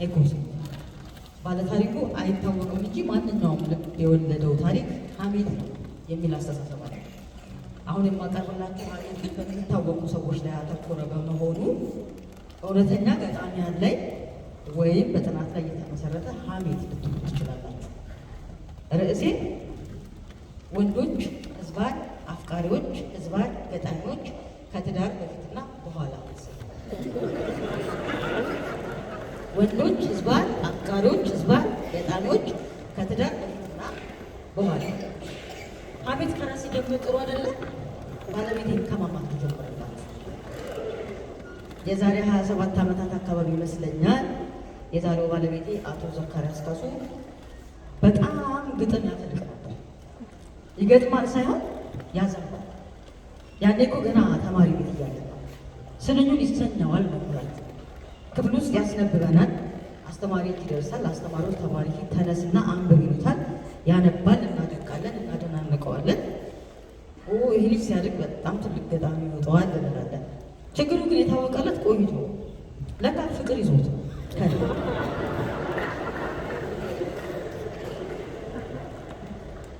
አይጎዳም። ባለታሪኩ አይታወቅም እንጂ ማንኛውም ልብ የወለደው ታሪክ ሀሜት ነው የሚል አስተሳሰብ አለ። አሁን የማቀርብላቸው ታሪክ በሚታወቁ ሰዎች ላይ ያተኮረ በመሆኑ እውነተኛ ገጣሚያን ላይ ወይም በጥናት ላይ የተመሰረተ ሀሜት ልትሆን ትችላላችሁ። ርዕሴ ወንዶች ህዝባን አፍቃሪዎች፣ ህዝባን ገጣሚዎች ከትዳር በፊትና በኋላ ወንዶች ህዝባን፣ አፍቃሪዎች ህዝባን፣ ገጣሚዎች ከትዳር በፊትና በኋላ አቤት ከራሴ ደግሞ ጥሩ አይደለም። ባለቤቴን ከማማት ተጀመረባት። የዛሬ 27 ዓመታት አካባቢ ይመስለኛል የዛሬው ባለቤቴ አቶ ዘካሪያስ ካሱ በጣም ግጥም ያፈልቅ ይገጥማል ሳይሆን ያዘንባል። ያኔ እኮ ገና ተማሪ ቤት እያለ ስንኙን ይሰኘዋል ነው ክፍል ውስጥ ያስነብበናል። አስተማሪ ይደርሳል። አስተማሪው ተማሪ ተነስና አንብብ ይሉታል። ያነባል። እናደንቃለን፣ እናደናንቀዋለን። ይህ ልጅ ሲያድግ በጣም ትልቅ ገጣሚ ይወጣዋል እንላለን። ችግሩ ግን የታወቀለት ቆይቶ ለካ ፍቅር ይዞት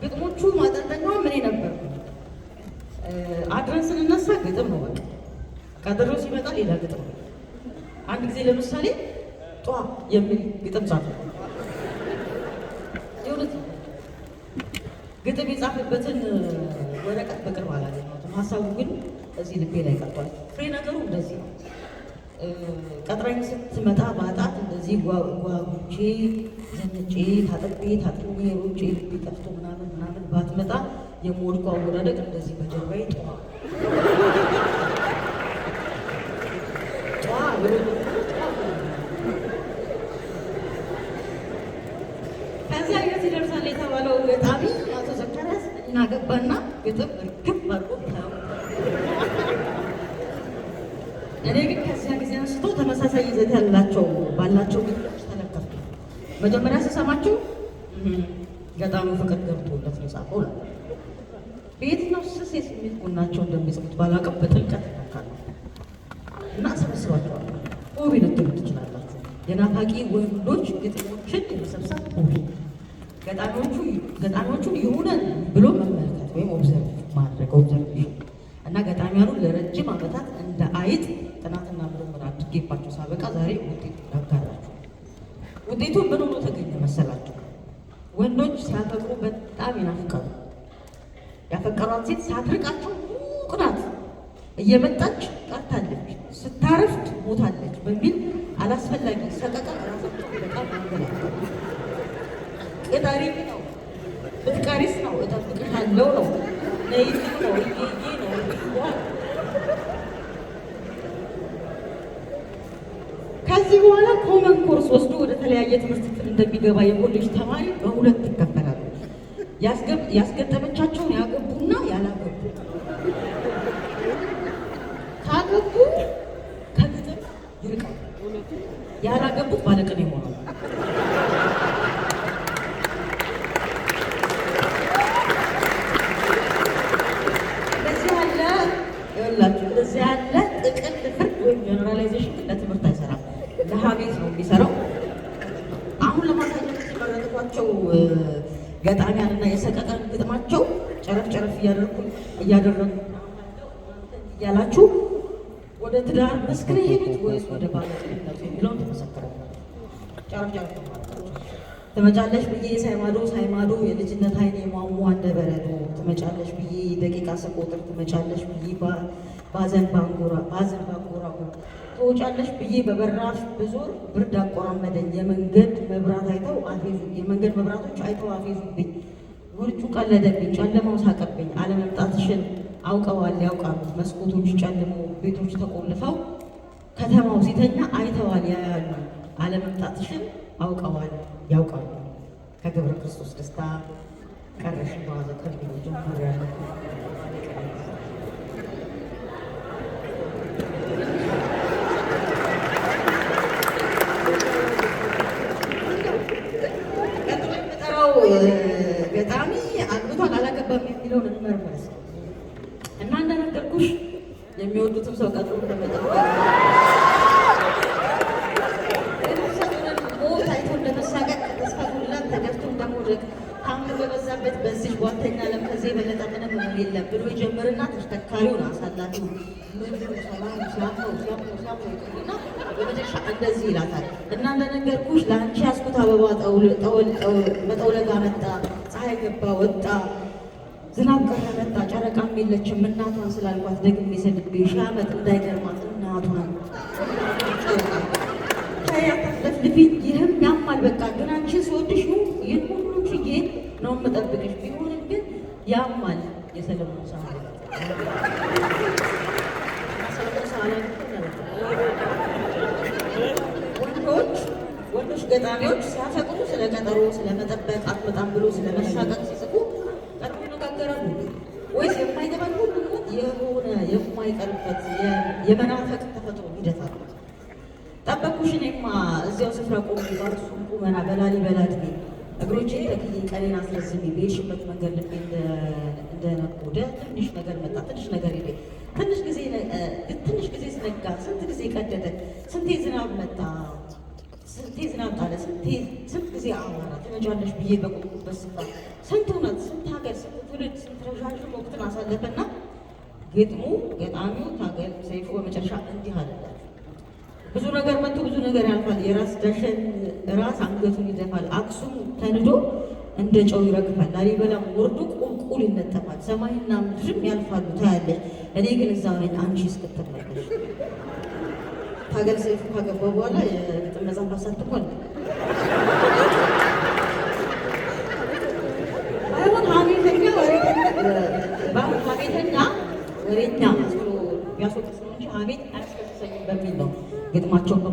ግጥሞቹ ማጠንጠኛ ምን ነበር? አድረን ስንነሳ ግጥም ነው። በቃ ቀጥሮ ሲመጣ ሌላ ግጥም ነው። አንድ ጊዜ ለምሳሌ ጧ የሚል ግጥም ጻፈ። የእውነት ግጥም የጻፈበትን ወረቀት በቅርብ አላገኘሁትም። ሀሳቡ ግን እዚህ ልቤ ላይ ቀርቷል። ፍሬ ነገሩ እንደዚህ ነው። ቀጥራኝ ስትመጣ ማጣት እንደዚህ ጓጉቼ ዘንጬ ታጠቤ ታጥኜ ሮጬ ልቤ ጠፍቶ ምናምን ምናምን ባትመጣ የምወድቋ ወዳደቅ እንደዚህ በጀርባዬ ጠዋ ፈጣሪ አቶ ዘካርያስ እናገባና ግጥም እርግብ ባርጎ እኔ ግን ከዚያ ጊዜ አንስቶ ተመሳሳይ ይዘት ያላቸው ባላቸው ግጥሞች ተለከፍኩ። መጀመሪያ ስሰማቸው ገጣሚ ፍቅር ገብቶለት ነው የጻፈው ነው። በየትኛው ስስ የስሜት ጎናቸው እንደሚጽፉት ባላውቅም በጥልቀት ይታካሉ እና ሰበስባቸዋለሁ። ሆቢ ልትሉ ትችላላችሁ። የናፋቂ ወንዶች ግጥሞችን የመሰብሰብ ሆቢ ገጣሚዎቹን ይሁነን ብሎ መመልከት ወይም ኦብዘርቭ ማድረግ ኦብዘርቬሽን እና ገጣሚያኑን ለረጅም ዓመታት እንደ አይጥ ጥናትና ምርምር አድርጌባቸው ሳበቃ ዛሬ ውጤቱ ላጋራችሁ። ውጤቱ ምን ሆኖ ተገኘ መሰላችሁ? ወንዶች ሲያፈቅሩ በጣም ይናፍቃሉ። ያፈቀሯት ሴት ሳትርቃቸው ሙቅናት እየመጣች ቀርታለች፣ ስታረፍድ ሞታለች በሚል አላስፈላጊ ሰቀቀን ራሳቸው በጣም አንገላታለች። እጠሪኝ ነው፣ ብትቀሪስ ነው፣ እጠብቅሻለሁ ነው፣ ነይልኝ ነው፣ እየዬ ነው። ከዚህ በኋላ ኮመን ኮርስ ወስዶ ወደ ተለያየ ትምህርት እንደሚገባ የኮሌጅ ተማሪ በሁለት ይከፈላሉ። ያስገጠመኝ ለትዳር መስክር የሄዱት ወይስ ወደ ባለጤንነቱ የሚለውን ተመሰከረ ጫፍ ጫፍ ትመጫለሽ ብዬ ሳይማዶ ሳይማዶ የልጅነት አይኔ ሟሟ እንደ በረዶ ትመጫለሽ ብዬ ደቂቃ ስቆጥር ትመጫለሽ ብዬ ባዘን ባንጎራ ባዘን ባንጎራ ትወጫለሽ ብዬ በበራፍ ብዙር ብርድ አቆራመደኝ የመንገድ መብራት አይተው አፌዙ የመንገድ መብራቶች አይተው አፌዙብኝ ውርጩ ቀለደብኝ ጨለማው ሳቀብኝ አለመምጣትሽን አውቀዋል፣ ያውቃሉ። መስኮቶች ጨልሞ ቤቶች ተቆልፈው ከተማው ሲተኛ አይተዋል፣ ያያሉ። አለመምጣትሽን አውቀዋል፣ ያውቃሉ። ከግብረ ክርስቶስ ደስታ ቀረሽ ተዋዘ ከልጆ ጀምሮ ያለ የሚፈልጉትም ሰው ቀጥሮ እንደመጠበቅ በበዛበት በዚህ ቧተኛ ለም ከዚህ የበለጠ ምንም መሆን የለም ብሎ ይጀምርና ተሽከርካሪውን አሳላችሁ በመጨረሻ እንደዚህ ይላታል እና እንደነገርኩሽ ለአንቺ ያስኩት አበባ መጠውለጋ መጣ ፀሐይ ገባ ወጣ ዝናብ ቀረ መጣ፣ ጨረቃም የለችም። እናቷን ስላልኳት ደግሜ ሰድቤ ሺህ ዓመት እንዳይገርማት እናቱ ነው ይህም ያማል። በቃ ግን አንቺ ስወድሽ ይህን ሁሉ ችዬ ነው የምጠብቅሽ። ቢሆንም ግን ያማል። የሰለሞን ሰ ወንዶች ወንዶች ገጣሚዎች ሲያፈቅሩ ስለ ቀጠሮ ስለመጠበቅ አትመጣም ብሎ ስለመሳቀቅ የመናፈቅ ተፈጥሮ ሂደታል። ጠበኩሽ እኔማ እዚያው ስፍራ ቆም ባሱም ቁመና በላሊ በላት እግሮቼ ተክዬ ቀሌን አስረዝሜ በሄድሽበት መንገድ ልቤ እንደነቆደ ትንሽ ነገር መጣ ትንሽ ነገር ሄደ ትንሽ ጊዜ ትንሽ ጊዜ ስነጋ ስንት ጊዜ ቀደደ ስንቴ ዝናብ መጣ ስንቴ ዝናብ ጣለ ስንት ጊዜ አዋራ ትመጫለሽ ብዬ በቆምኩበት ስፍራ ስንት እውነት ስንት ሀገር ስንት ትውልድ ስንት ረዣዥም ወቅትን አሳለፈና ግጥሙ ገጣሚው ታገል ሰይፉ በመጨረሻ እንዲህ አለ። ብዙ ነገር መጥቶ ብዙ ነገር ያልፋል። የራስ ደሸን ራስ አንገቱን ይደፋል። አክሱም ተንዶ እንደ ጨው ይረግፋል። ላሊበላም ወርዶ ቁልቁል ይነጠፋል። ሰማይና ምድርም ያልፋሉ ታያለች። እኔ ግን እዛ ነኝ አንቺ እስክትመለሽ። ታገል ሰይፉ ካገባ በኋላ የግጥም መጽሐፍ አሳትሟል።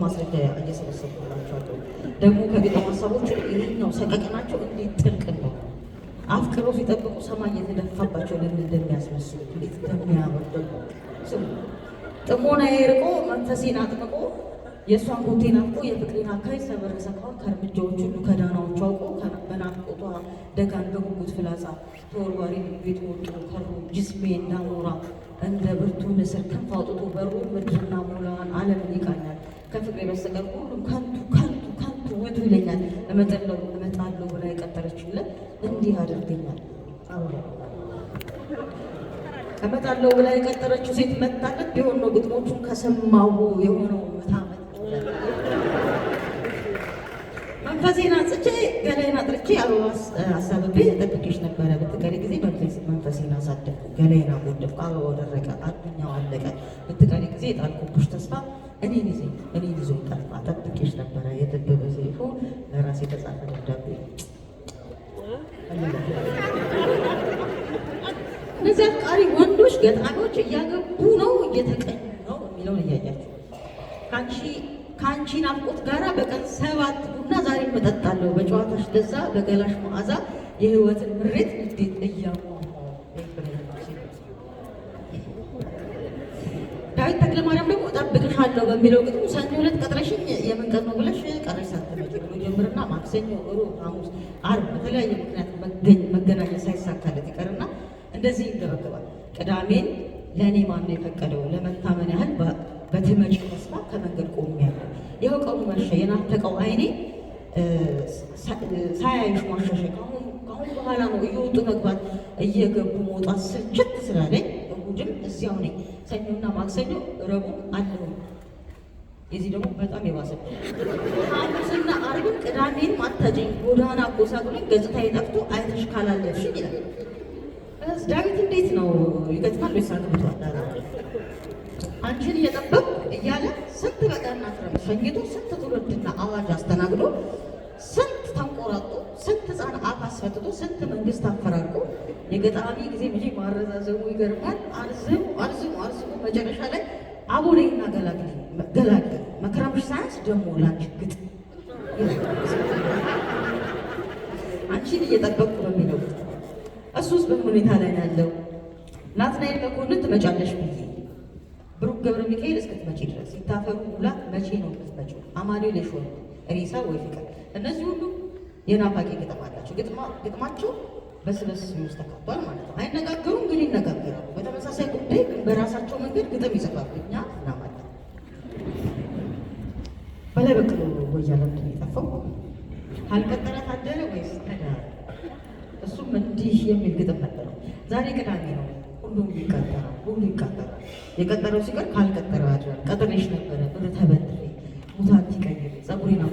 ማስረጃ እየሰበሰብኩላቸዋለሁ። ደግሞ ከግጥም ሀሳቦቹ ይህኛው ሰቀቅናቸው እንዴት ጥልቅ ነው። አፍቅረው ሲጠብቁ ሰማይ የተደፋባቸው ለምን እንደሚያስመስሉ እንዴት እንደሚያምር ደግሞ ጥሞና የርቆ መንፈሴን አጥምቆ የእሷን ኮቴን አፍቆ የፍቅሬን አካይ ሰበረሰካ ከእርምጃዎች ሁሉ ከዳናዎቹ አውቆ በናፍቆቷ ደጋን በጉጉት ፍላጻ ተወርዋሪ ቤት ወጡ ከሩ ጅስሜ እንዳሞራ እንደ ብርቱ ንስር ክንፍ አውጥቶ በሩ ምድርና ሞላን ዓለምን ይቃኛል። ከፍቅሬ በስተቀር ሁሉ ከንቱ ከንቱ ከንቱ ውጡ ይለኛል። እመጣለሁ እመጣለሁ ብላ የቀጠረችለት እንዲህ አድርገኛል። እመጣለሁ ብላ የቀጠረችው ሴት መታለት ቢሆን ነው ግጥሞቹን ከሰማው የሆነው መታመት መንፈሴን አጽቼ ገላይን አጥርቼ አበባ አሳብቤ ጠብቄሽ ነበረ። ብትቀሪ ጊዜ መንፈሴን አሳደፍኩ፣ ገላይን አጎደፍኩ፣ አበባው ደረቀ፣ አዱኛው አለቀ። ብትቀሪ ጊዜ የጣልኩብሽ ተስፋ እኔ ጊዜ እኔ ጊዜ ጠፋ ጠብቄሽ ነበረ። የደበበ ዘይፎ ለራሴ የተጻፈ ደብዳቤ እነዚህ አፍቃሪ ወንዶች ገጣሚዎች እያገቡ ነው እየተቀኙ ነው የሚለውን እያያችሁ ከአንቺ ናፍቆት ጋራ በቀን ሰባት ቡና ዛሬ መጠጣለሁ በጨዋታሽ ለዛ በገላሽ መዓዛ የህይወትን ምሬት እንዴት እያሟ ዳዊት ተክለ ማርያም ደግሞ እጠብቅሻለሁ በሚለው ግጥሙ ሰኞ ዕለት ቀጥረሽኝ የምን ቀን ነው ብለሽ ቀረሽ ሳትመጪ ጀምርና ማክሰኞ፣ ሮብ፣ ሐሙስ፣ ዓርብ በተለያየ ምክንያት መገናኘት ሳይሳካለት ይቀርና እንደዚህ ይገበገባል። ቅዳሜን ለእኔ ማነው የፈቀደው ለመታመን ያህል በትመጭ ተስፋ ከመንገድ ቆሜያለሁ። ይኸው ቀኑ መሸ የናፈቀው አይኔ ሳያዩሽ ማሻሸ ከአሁን በኋላ ነው እየወጡ መግባት እየገቡ መውጣት ስልችት ስላለኝ እሑድም እዚያው ነኝ። ሰኞና ማክሰኞ ረቡዕ አለሁ። የዚህ ደግሞ በጣም የባሰ ሐሙስና ዓርብ ቅዳሜን ማታጀኝ ጎዳና አጎሳቅሎኝ ገጽታ ጠፍቶ አይተሽ ካላለፍሽኝ ይላል። ዳዊት እንዴት ነው ይገጥማል ወይስ አግብቷል? አንቺን እየጠበቅ እያለ ስንት በቀና ክረም ሸኝቶ ስንት ትውልድና አዋጅ አስተናግዶ ስንት ተንቆራጦ ስንት ህፃን አፍ አስፈትቶ ስንት መንግስት አፈራ የገጣሚ ጊዜ ጊዜ ማረዛዘሙ ይገርማል። አርዝሙ አርዝሙ አርዝሙ መጨረሻ ላይ አቦሌና ገላግል ገላግል መከራምሽ ሳያንስ ደግሞ ላንቺ ግጥ አንቺን እየጠበቅኩ በሚለው እሱስ በምን ሁኔታ ላይ ያለው ናትናኤል መኮንን ትመጫለሽ ብዬ ብሩክ ገብረ ሚካኤል እስክትመጪ ድረስ ይታፈሩ ሁላ መቼ ነው የምትመጪው? አማሌ ለሾ ሬሳ ወይ ፍቅር እነዚህ ሁሉ የናፋቂ ግጥም አላቸው። ግጥማቸው በስለስ ውስጥ ተካቷል ማለት ነው። አይነጋገሩም ግን ይነጋገራሉ። በተመሳሳይ ጉዳይ ግን በራሳቸው መንገድ ግጥም ይጽፋሉ። እኛ እናማለን። በላይ በቅሎ ወያለም የጠፋው አልቀጠለ ታደረ ወይስ ተዳ እሱም እንዲህ የሚል ግጥም ነበረው። ዛሬ ቅዳሜ ነው። ሁሉም ይቀጠራል። ሁሉ ይቀጠራል። የቀጠረው ሲቀር ካልቀጠረ ያድራል። ቀጥሬሽ ነበረ ብር ተበድሬ ሙታንቲ ቀይር ጸጉሬ ነው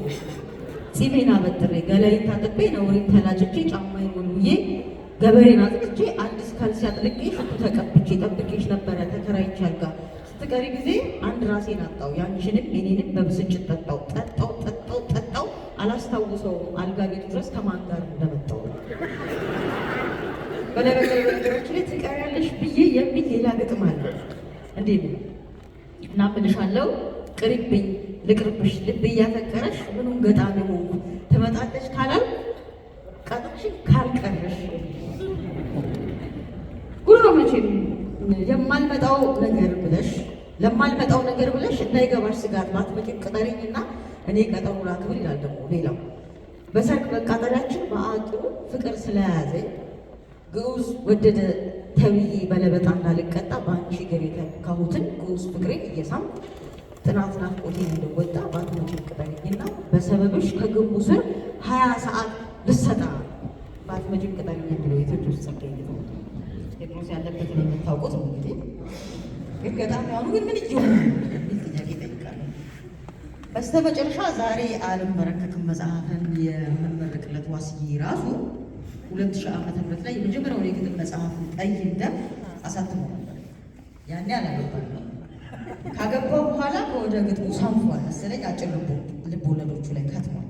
ጺሜን አበጥሬ ገላይን ታጥቤ ነውሬን ተላጭቼ ጫማዬን ወልውዬ ገበሬን አጥቅቼ አዲስ ካልሲ አጥልቄ ሽቱ ተቀብቼ ጠብቄሽ ነበረ ተከራይቼ አልጋ ስትቀሪ ጊዜ አንድ ራሴን አጣው ያንቺንም የኔንም በብስጭት ጠጣው ጠጣው ጠጣው ጠጣው አላስታውሰውም አልጋ ቤቱ ድረስ ከማን ጋር እንደመጣው በለበቀይ ነገሮች ላይ ትቀሪያለሽ ብዬ የሚል ሌላ ግጥም አለ እንዴ እና ምልሻለው ቅሪብኝ ልቅርብሽ ልብ እያፈቀረሽ ምኑም ገጣሚ ሆንኩ ትመጣለች ካላል ቀጥሽ ካልቀረሽ ጉሮ መቼም የማልመጣው ነገር ብለሽ ለማልመጣው ነገር ብለሽ እንዳይገባሽ ስጋት ባትመጪም ቅጠሪኝና እኔ ቀጠሩ ላክብር ይላል። ደግሞ ሌላው በሰርግ መቃጠሪያችን በአጭሩ ፍቅር ስለያዘኝ ግዑዝ ወደደ ተብዬ በለበጣ እንዳልቀጣ በአንቺ ገቤተ ካሁትን ግዑዝ ፍቅሬ እየሳም ጥናት ናፍቆቴን እንደወጣ ባትሞችን ቅጠልኝና በሰበብሽ ከግንቡ ስር ሀያ ሰዓት ልሰጣ ባትሞችን ቅጠልኝ ብሎ የቴዎድሮስ ጸጋዬ ነው። ቴዎድሮስ ያለበትን የምታውቁት ነው። እንግዲህ ግን ገጣሚያኑ ግን ምን እየሆኑ የሚል ጥያቄ ይጠይቃሉ። በስተ መጨረሻ ዛሬ አልመረከክም መጽሐፍን የምመረቅለት ዋስዬ ራሱ ሁለት ሺህ ዓመተ ምህረት ላይ የመጀመሪያውን የግጥም መጽሐፍን ቀይ እንደ አሳትሞ ነበር ያኔ አላገባል ካገባ በኋላ በወደ ግጥሙ ሳንፏል መሰለኝ አጭር ልብ ወለዶቹ ላይ ከትሟል።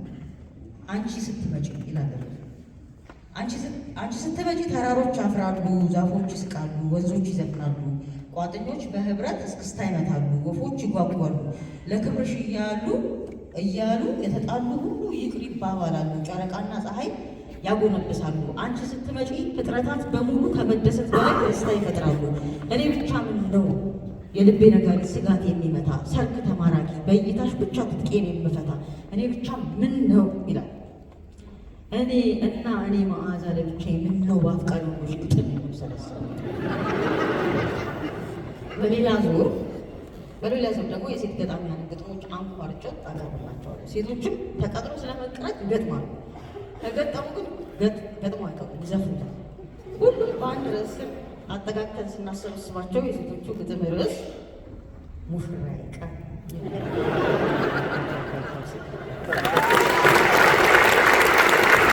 አንቺ ስትመጪ ይላል። አንቺ ስትመጪ ተራሮች አፍራሉ፣ ዛፎች ይስቃሉ፣ ወንዞች ይዘፍናሉ፣ ቋጥኞች በህብረት እስክስታ ይመታሉ፣ ወፎች ይጓጓሉ፣ ለክብርሽ እያሉ እያሉ የተጣሉ ሁሉ ይቅር ይባባላሉ፣ ጨረቃና ፀሐይ ያጎነብሳሉ። አንቺ ስትመጪ ፍጥረታት በሙሉ ከመደሰት በላይ ደስታ ይፈጥራሉ። እኔ ብቻ ምን ነው የልቤ ነጋሪ ስጋት የሚመታ ሰርክ ተማራኪ በእይታሽ ብቻ ትጥቄን የምፈታ እኔ ብቻ ምን ነው ይላል። እኔ እና እኔ መዓዛ ለብቻ ምን ነው ባፍቃሪዎች ቁጥር ሰለሰ በሌላ ዙር በሌላ ዙር ደግሞ የሴት ገጣሚያን ግጥሞች አንኳርጬ አቀርብላቸዋለሁ። ሴቶችም ተቀጥሮ ስለመቅረት ይገጥማሉ። ከገጠሙ ግን ገጥሞ አይቀሩም፣ ይዘፍናል። ሁሉም በአንድ ርዕስ አጠቃቀን ስናሰበስባቸው የሴቶቹ ግጥም ርዕስ ሙሽራ ይቀር